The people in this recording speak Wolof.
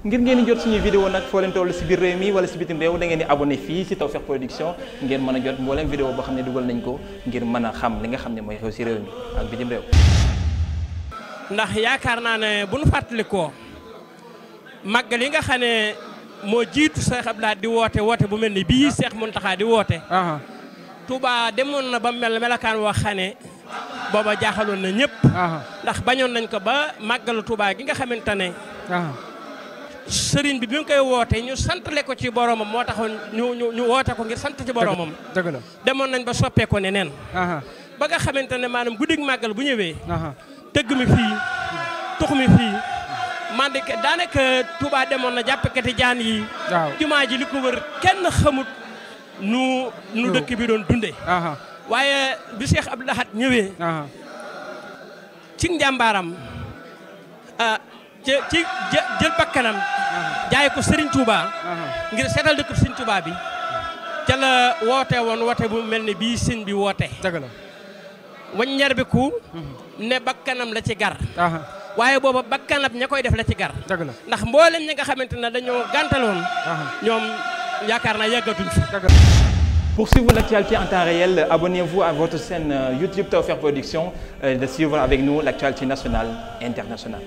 ngir ngeen di jot suñuy vidéo nag foo leen toll si biir réew mi wala si bitim réew da ngeen di abonné fii si Tawfekh Production ngeen mën a jot mbooleem vidéo boo xam ne dugal nañ ko ngir mën a xam li nga xam ne mooy xew si ak bitim réew ndax yaakaar naa ne bu nu fàttalikoo yi nga xam ne moo jiitu Cheikh Abdoulaye di woote woote bu mel ni bii mun taxaa di woote Touba demoon na ba mel melakaan woo xane booba jaaxaloon na ñëpp ndax bañoon nañ ko ba màggalu tubaa gi nga xamante ne sëriñ bi bi mu koy woote ñu santale ko ci boroomam moo taxoon ñu ñu ñu woote ko ngir sant ci boromam. dëgg la demoon nañ ba soppee ko ne neen. ba nga xamante ne maanaam guddig màggal bu ñëwee. tëgg mi fii tux mi fii. man de daanaka tuubaa demoon na jàppkati jaan yi. waaw jumaa ji li ko wër kenn xamut nu nu dëkk bi doon dundee. waaye bi Cheikh Abdou ñëwee. ci njàmbaaram. Ah, ci ci jël bakkanam jaay ko Serigne Touba ngir seetal dëkk Serigne Touba bi ca la woote woon woote bu mel ni bii sëñ bi woote dëgg la waññar bi ku mhm. ne bakkanam la ci gar waaye booba bakkanam ña koy def la ci gar dëgg la ndax mboolem ñi nga xamante ne dañoo gàntaloon ñoom yaakaar naa yàggatuñ fi Pour suivre l'actualité en temps réel, abonnez-vous à votre chaîne euh, YouTube Tawfekh Production euh, et de suivre avec nous l'actualité nationale et internationale.